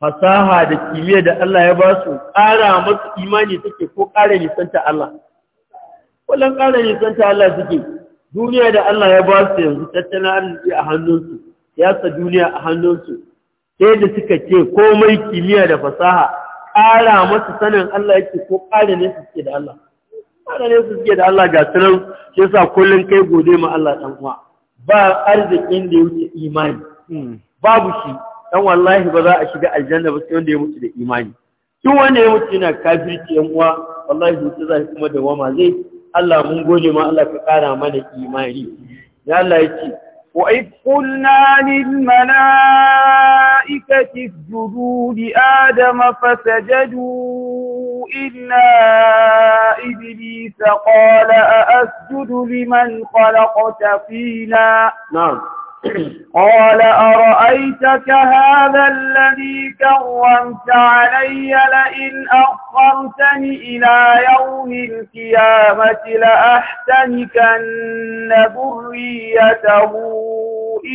Speaker 1: fasaha da kimiyya da Allah ya ba su ƙara masu imani take ko ƙara nisanta Allah. Wannan ƙara nisanta Allah suke, duniya da Allah ya ba su yanzu tattalin arziki a hannunsu yasa duniya a hannunsu sai da suka ce komai kimiyya da fasaha ƙara masa sanin Allah yake ko ƙara ne su suke da Allah ƙara ne su suke da Allah ga sunan shi yasa kullum kai gode ma Allah ɗan uwa ba arzikin da ya imani hmm. babu shi dan wallahi ba za a shiga aljanna ba sai wanda ya mutu da imani duk wanda ya mutu yana kafirci yan uwa wallahi zai zai kuma da wama zai Allah mun gode ma Allah ka ƙara mana imani ya Allah yake
Speaker 2: wa id qulna lil malaikati isjudu li adama fasajadu illa iblis qala a asjudu liman khalaqta fina
Speaker 1: na'am قال أرأيتك
Speaker 2: هذا الذي كرمت علي لئن أخرتني إلى يوم القيامة لأحتنكن ذريته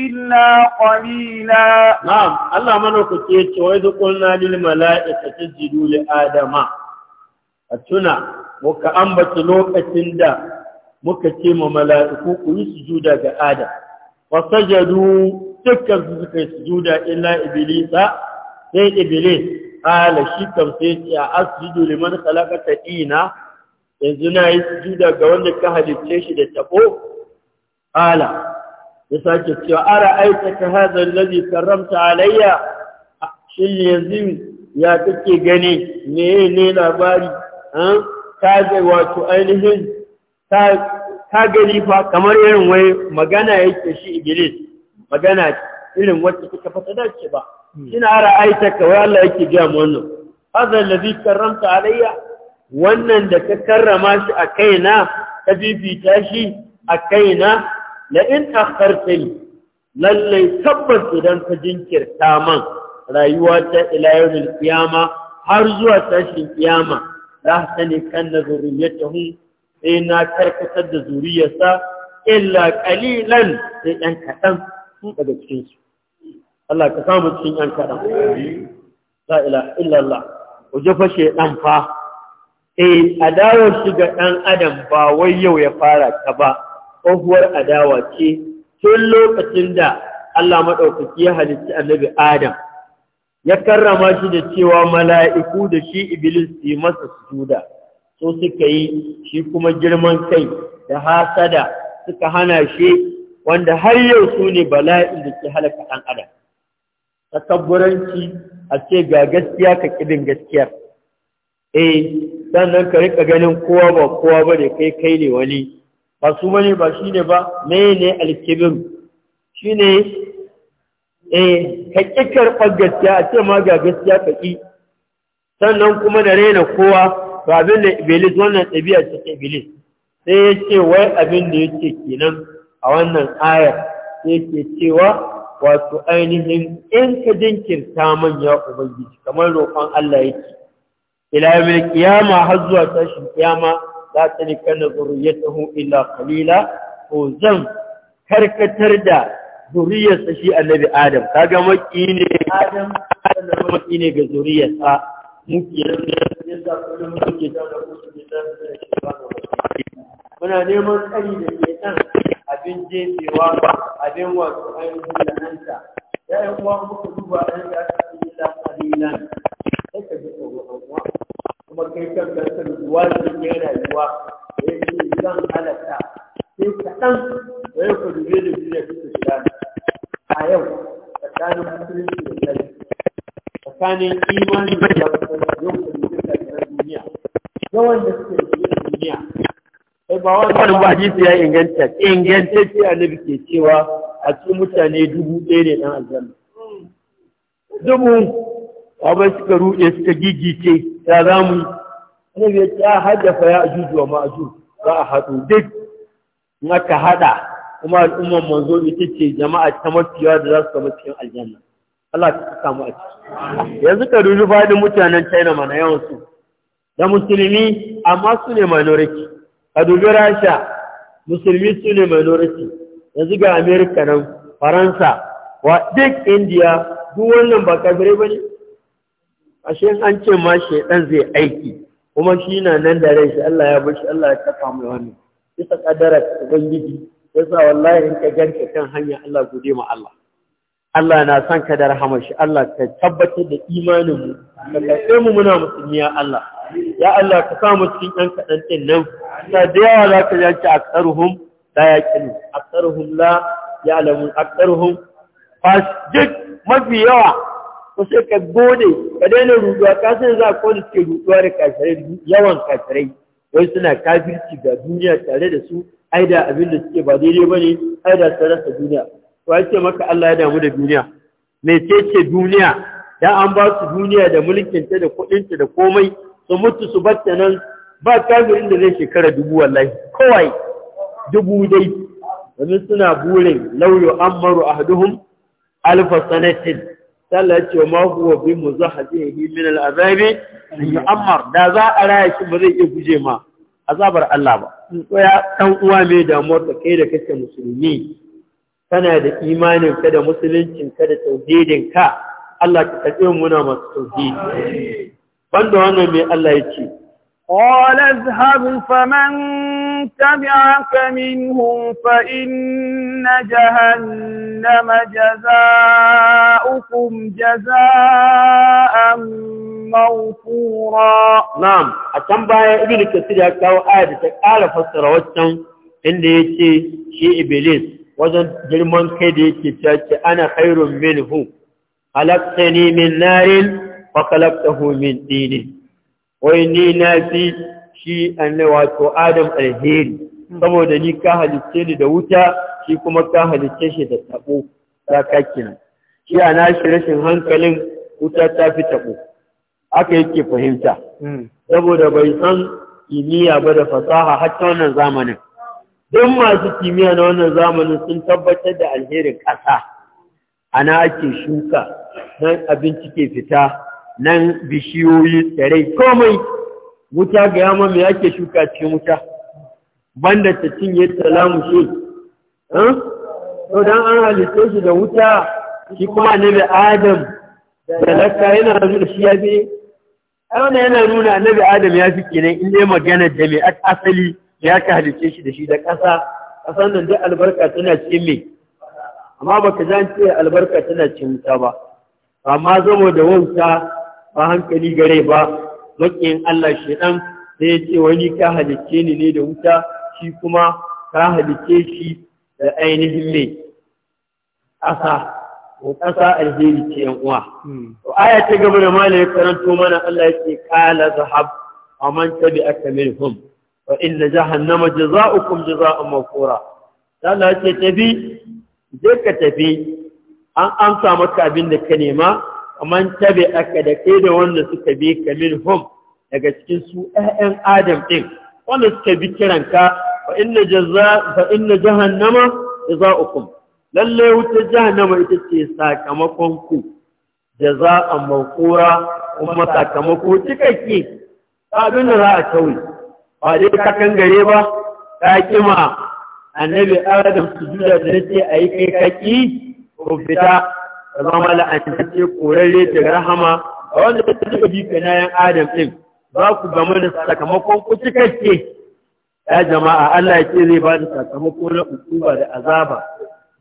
Speaker 2: إلا قليلا
Speaker 1: نعم الله من كتير وإذ قلنا للملائكة تسجدوا لآدم أتنا وكأنبت لوكة دا مكتيم ملائكة ويسجد آدم fasajadu dukkan su suka yi sujuda illa iblisa sai iblis ala shi kam sai ce a asjudu liman khalaqata ina yanzu na yi sujuda ga wanda ka halicce shi da tabo ala ya sake cewa ara aita ka hada alladhi karramta alayya shi yanzu ya kake gani me ne labari an ka ga wato ainihin ka ka gani fa kamar irin wai magana yake shi iblis magana irin wacce kika fata dace ba kina hmm. ra'aita ka wai Allah yake ga mu wannan hadha alladhi karramta alayya wannan da ka karrama shi a kaina ka bibita shi a kaina la in akhartani lallai tabbas idan ka jinkirta man rayuwa ta ila yawmil qiyama har zuwa tashin kiyama za ta ne kan nazuriyatahu sai na karkatar da zuriyarsa illa kalilan sai ɗan kaɗan daga cikin su Allah ka samu cikin ɗan kaɗan illa Allah ku waje fa ɗan fa eh adawar shi ga ɗan adam ba wai yau ya fara ta ba tsohuwar adawa ce tun lokacin da Allah maɗaukaki ya halitta annabi Adam ya karrama shi da cewa mala'iku da shi Iblis su yi masa sujuda. so suka yi shi kuma girman kai da hasada suka hana shi wanda har yau su ne bala'in da ke halaka ɗan adam takabburanci a ce ga gaskiya ka ƙidin gaskiyar eh sannan ka rika ganin kowa ba kowa ba da kai kai ne wani ba su wani ba shi ne ba Mene ne alkibiru shi ne eh ka ƙi karɓar gaskiya a ce ma ga gaskiya ka ƙi sannan kuma na raina kowa to abin da iblis wannan ɗabi'a ce ta iblis sai ya ce wai abin da ya yake kenan a wannan Aya sai yake cewa wato ainihin in ka jinkirta manya ubangiji kamar roƙon Allah yake ila yawmin kiyama har zuwa tashin kiyama ta ni na zuriyatahu illa qalila ko zan karkatar da zuriyarsa shi annabi Adam kaga maki ne Adam sannan maki ne ga zuriyarsa mu muna neman tsari da ke ɗan abin jefewa abin wasu ainihin hanta ya yan kuma muka duba ɗan da aka fi ila kalilan sai ka ji tsoro uwa kuma kai kan gasar ruwa da ke rayuwa da ya ce zan halatta sai ka da ya ku dube da biyu da suka shiga a yau tsakanin musulunci da tsari tsakanin imani da yau yawan da suke da duniya sai ba wani ba hadisi ya inganta ce ingantacce annabi ke cewa a cikin mutane dubu ɗaya ne ɗan aljanna dubu abai suka ruɗe suka gigice ya zamu annabi ya ta haddafa ya ajuju wa ma'aju za a haɗu duk in aka haɗa kuma al'ummar manzo ita ce jama'a ta mafiya da za su kama cikin aljanna Allah ta samu a
Speaker 2: ciki
Speaker 1: yanzu ka dubi faɗin mutanen China mana yawan su da musulmi amma su ne minority a dubi rasha musulmi su ne minority yanzu ga amerika nan faransa wa duk indiya duk wannan ba kafirai ba ne ashe an ce ma shaidan zai aiki kuma shi na nan da rai shi Allah ya shi Allah ya kafa mai wani. Kisa kadara ubangiji yasa wallahi in ka ganka kan hanya Allah gode ma Allah Allah na san ka da rahamar shi Allah ka tabbatar da imanin mu ka mu muna musulmi ya Allah ya Allah ka sa mu cikin ɗan kaɗan ɗin nan ta da yawa za ka yanki a ya la yaqinu aksaruhum la ya'lamun a fas duk mafi yawa ko sai ka gode ka daina ruduwa ka san za a kone suke ruduwa da kashirai, yawan kashirai, wai suna kafirci ga duniya tare da su ai da abin da suke ba daidai ba bane ai da rasa duniya to a ce maka Allah ya damu da duniya me ce ce duniya dan an ba su duniya da mulkinta da kuɗinta da komai su mutu su batta nan ba kafirin da zai shekara dubu wallahi kawai dubu dai domin suna burin lauyo ammaru ahduhum alfa sanatin sallah ce wa mahuwa bi mu za a zai yi min al'azabi yi ammar da za a raya shi ba zai iya guje ma azabar Allah ba ko ya ɗan uwa mai damuwar ka kai da kake musulmi kana da imanin ka da musuluncin ka da tauhidin ka Allah ka karɓe muna masu tauhidi banda wannan mai Allah ya ce,
Speaker 2: Ƙwale zhabin faman tabi'aka min hunfa inna jahannama jaza'ukum jaza'an maukura.
Speaker 1: Na'am, a can baya ibi da ya kawo aya da ta ƙara fassara waccan inda ya ce shi Iblis wajen girman kai da ya ke ana khairun min hu, halakta ne min narin fa min dini wai ni na fi shi annabi wato adam alheri saboda ni ka halicce ni da wuta shi kuma ka halicce shi da tabo ta kakina shi na shi rashin hankalin wuta ta fi tabo aka yake fahimta saboda bai san kimiyya ba da fasaha har ta wannan zamanin duk masu kimiyya na wannan zamanin sun tabbatar da alherin ƙasa ana ake shuka nan abinci ke fita nan bishiyoyi tsirai komai wuta ga yamma mai ake shuka cikin wuta banda ta cinye ta lamushe to an halitta shi da wuta shi kuma na bi adam da lakka yana nuna shi ya fi auna yana nuna na bi adam ya fi kenan in ya magana da mai asali ya ka halitta shi da shi da ƙasa ƙasan nan duk albarka tana cikin mai amma baka zan ce albarka tana cikin wuta ba amma saboda wauta ba hankali gare ba maƙiyin Allah shi ɗan sai ya ce wani ka halicce ni ne da wuta shi kuma ka halicce shi da ainihin mai ƙasa ko ƙasa alheri ce yan uwa hmm. to aya ta gaba da ya karanto mana Allah ya ce qala zahab amman tabi'aka minhum wa inna jahannama jazaa'ukum jazaa'un mawqura Allah ya ce tafi je ka tafi an amsa maka abin da ka nema Kaman tabi aka da kai da wanda suka bi ka min hum daga cikin su ƴaƴan adam din wanda suka bi kiranka fa inna jaza fa inna jahannama jazaukum lalle wuta jahannama ita ce sakamakon ku jaza'an mawqura kuma sakamako cikakke abin da za a tauye ba dai ka kan gare ba ka kima annabi adam su sujuda da nace ayi kai kaki ko fita ka zama la'antacce korarre daga rahama a wanda ta suka bi kanayen adam ɗin za ku game da sakamakon ku cikakke ya jama'a Allah ya ce zai ba da sakamako na ukuba da azaba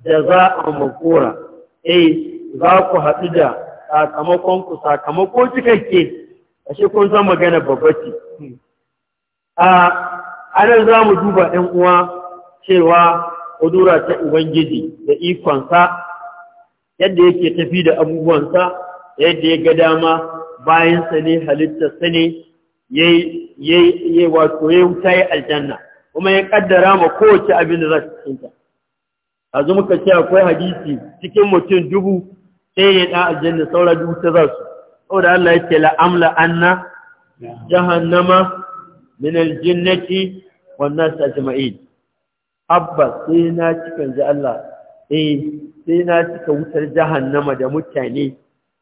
Speaker 1: da za a makora eh za ku haɗu da sakamakon ku sakamako cikakke ashe kun san magana babba ce a anan za mu duba ɗan uwa cewa kudura ta ubangiji da ikonsa yadda yake tafi da abubuwansa yadda ya ga dama bayansa ne halittarsa ne yayi wato ya wuta ya aljanna kuma ya kaddara ma kowace abin da za ta cikinta a zo muka ce akwai hadisi cikin mutum dubu sai ya da aljanna saura dubu ta za su saboda Allah ya ce la'amla anna jahannama min aljinnati wan nas ajma'in abba sai na cikin ji Allah eh sai na cika wutar jahannama da mutane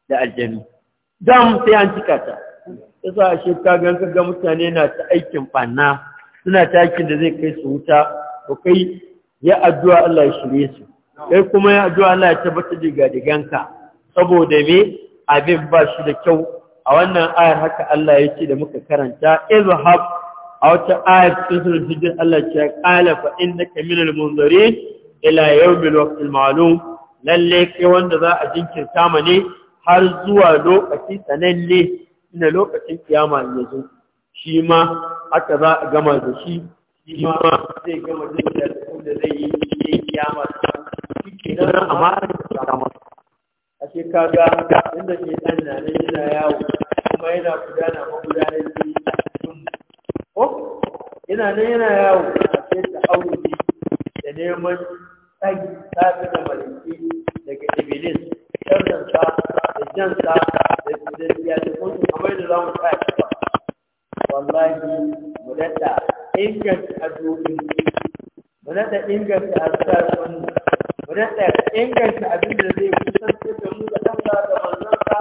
Speaker 1: da aljanu dam sai an cika ta yasa a shekagan ga mutane na ta aikin banna suna takin da zai kai su wuta to kai ya addu'a Allah ya shirye su kai kuma ya addu'a Allah ya tabbatar diga diganka saboda me abin ba shi da kyau a wannan ayar haka Allah ya ce da muka karanta izhab a wata ayar cikin sunan Allah ya ce qala fa innaka minal munzirin ila yawmil waqtil ma'lum lalle kai wanda za a jinkirta ma ne har zuwa lokaci sananne ina lokacin kiyama ya zo shi ma haka za a gama da shi shi ma zai gama da da zai yi shi kiyama shi ke nan amma a shekaga inda ke ɗan na nan yana yawo kuma yana gudana da jirgin ko yana nan yana yawo a ce ta aure da neman kai safi da malaki daga iblis sharrinsa da jansa da yadda kamar da za mu sa ba wallahi mu daɗa inganta addu'o'i mu daɗa inganta addu'o'i mu daɗa inganta abin da zai kusantar da mu da Allah da manzansa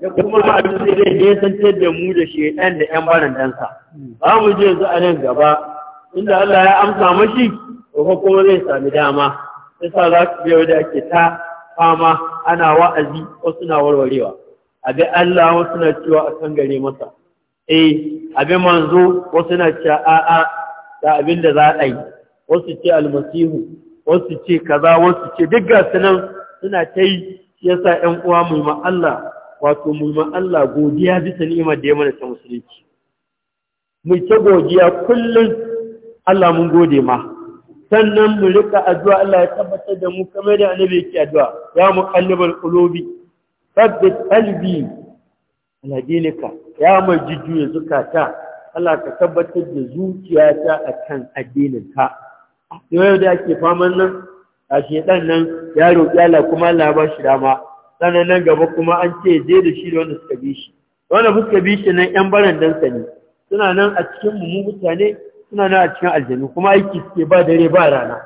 Speaker 1: da kuma abin da zai nesantar da mu da shaidan da ƴan barandansa
Speaker 2: ba mu je yanzu
Speaker 1: a nan gaba inda Allah ya amsa mashi ko kuma zai sami dama yasa za ku biyo da ake ta fama ana wa'azi wasu na warwarewa abin Allah wasu na cewa a kan gare masa eh abin manzo wasu na cewa a'a da abin da za a yi wasu ce almasihu wasu ce kaza wasu ce duk ga nan suna ta yi yasa ƴan uwa mu ma Allah wato mu ma Allah godiya bisa ni'imar da ya mana ta musulunci mu ta godiya kullum Allah mun gode ma sannan mu rika addu'a Allah ya tabbatar da mu kamar da annabi yake addu'a ya mu qulubi thabbit qalbi ala dinika ya majijuya zukata Allah ka tabbatar da zuciyata akan addininka yau da ake faman nan a shedan nan ya roƙi Allah kuma Allah ba shi dama sannan nan gaba kuma an ce je da shi da wanda suka bi shi wanda suka bi shi nan yan barandansa ne suna nan a cikin mu mutane suna na cikin aljanu kuma aiki suke ba dare ba rana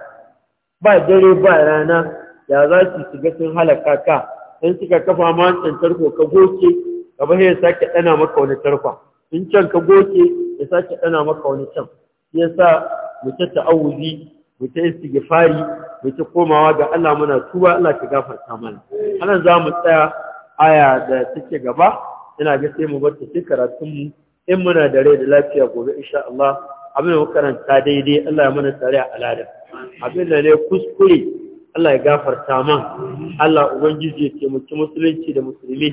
Speaker 1: ba dare ba rana ya za su shiga sun halaka ka in suka kafa ma wancan tarko ka goke ka ba ya sake ɗana maka wani tarkwa in can ka goke ya sake ɗana maka wani can shi yasa mu ta ta'awuzi mu ta istighfari mu ta komawa ga Allah muna tuba Allah ka gafarta mana anan za mu tsaya aya da take gaba ina ga sai mu bar ta karatun mu in muna da rai da lafiya gobe insha Allah abin da karanta daidai Allah ya mana tsari a al'adar abin da ne kuskure Allah ya gafarta man Allah ubangiji ya taimaki musulunci da musulmi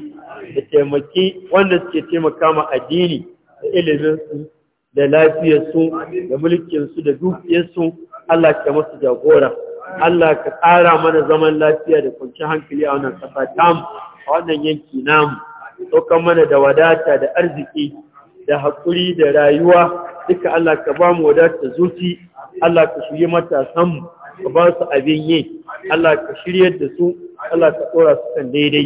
Speaker 1: da taimaki wanda suke taimaka ma addini da ilimin da lafiyar su da mulkin da dukiyar su Allah ka masu jagora Allah ka ƙara mana zaman lafiya da kwanciyar hankali a wannan ƙasa a wannan yanki namu saukan mana da wadata da arziki da haƙuri da rayuwa duka Allah ka ba mu wadatar zuci Allah ka shirye matasanmu mu ka ba su abin yi Allah ka shirye da su Allah ka tsora su kan daidai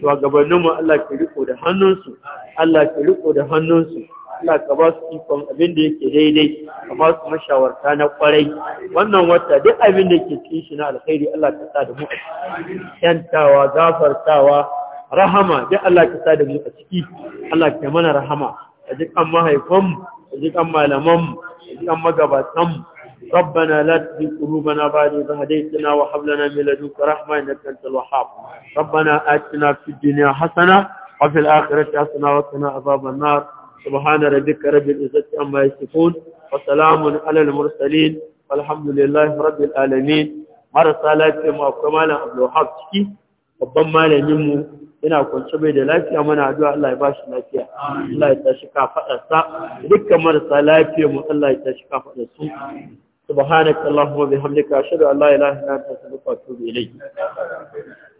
Speaker 1: shugabannin mu Allah ka riko da hannunsu Allah ka riko da hannunsu Allah ka ba su ikon abin da yake daidai ka ba su mashawarta na kwarai wannan wata duk abin da ke cikin shi na alkhairi Allah ka sa da mu yantawa gafartawa rahama duk Allah ka sa da mu a ciki Allah ka mana rahama a an mahaifanmu rikan malaman rikan magabatan rabbana lati qulubana ba'da idh hadaytana wa hab lana min ladunka rahmah innaka antal wahhab rabbana atina fid dunya hasana wa fil akhirati hasana wa qina adhaban nar subhana rabbika rabbil izzati amma yasifun wa salamun alal mursalin walhamdulillahi rabbil alamin mar salati ma kamala abdul hafiz babban malaminmu yana kwance bai da lafiya mana addu'a Allah ya ba shi lafiya Allah ya tashi kafadarsa dukkan marasa lafiya mu Allah ya tashi kafadarsu subhanaka allahumma bihamdika ashhadu an
Speaker 2: la ilaha illa anta astaghfiruka wa atubu ilayk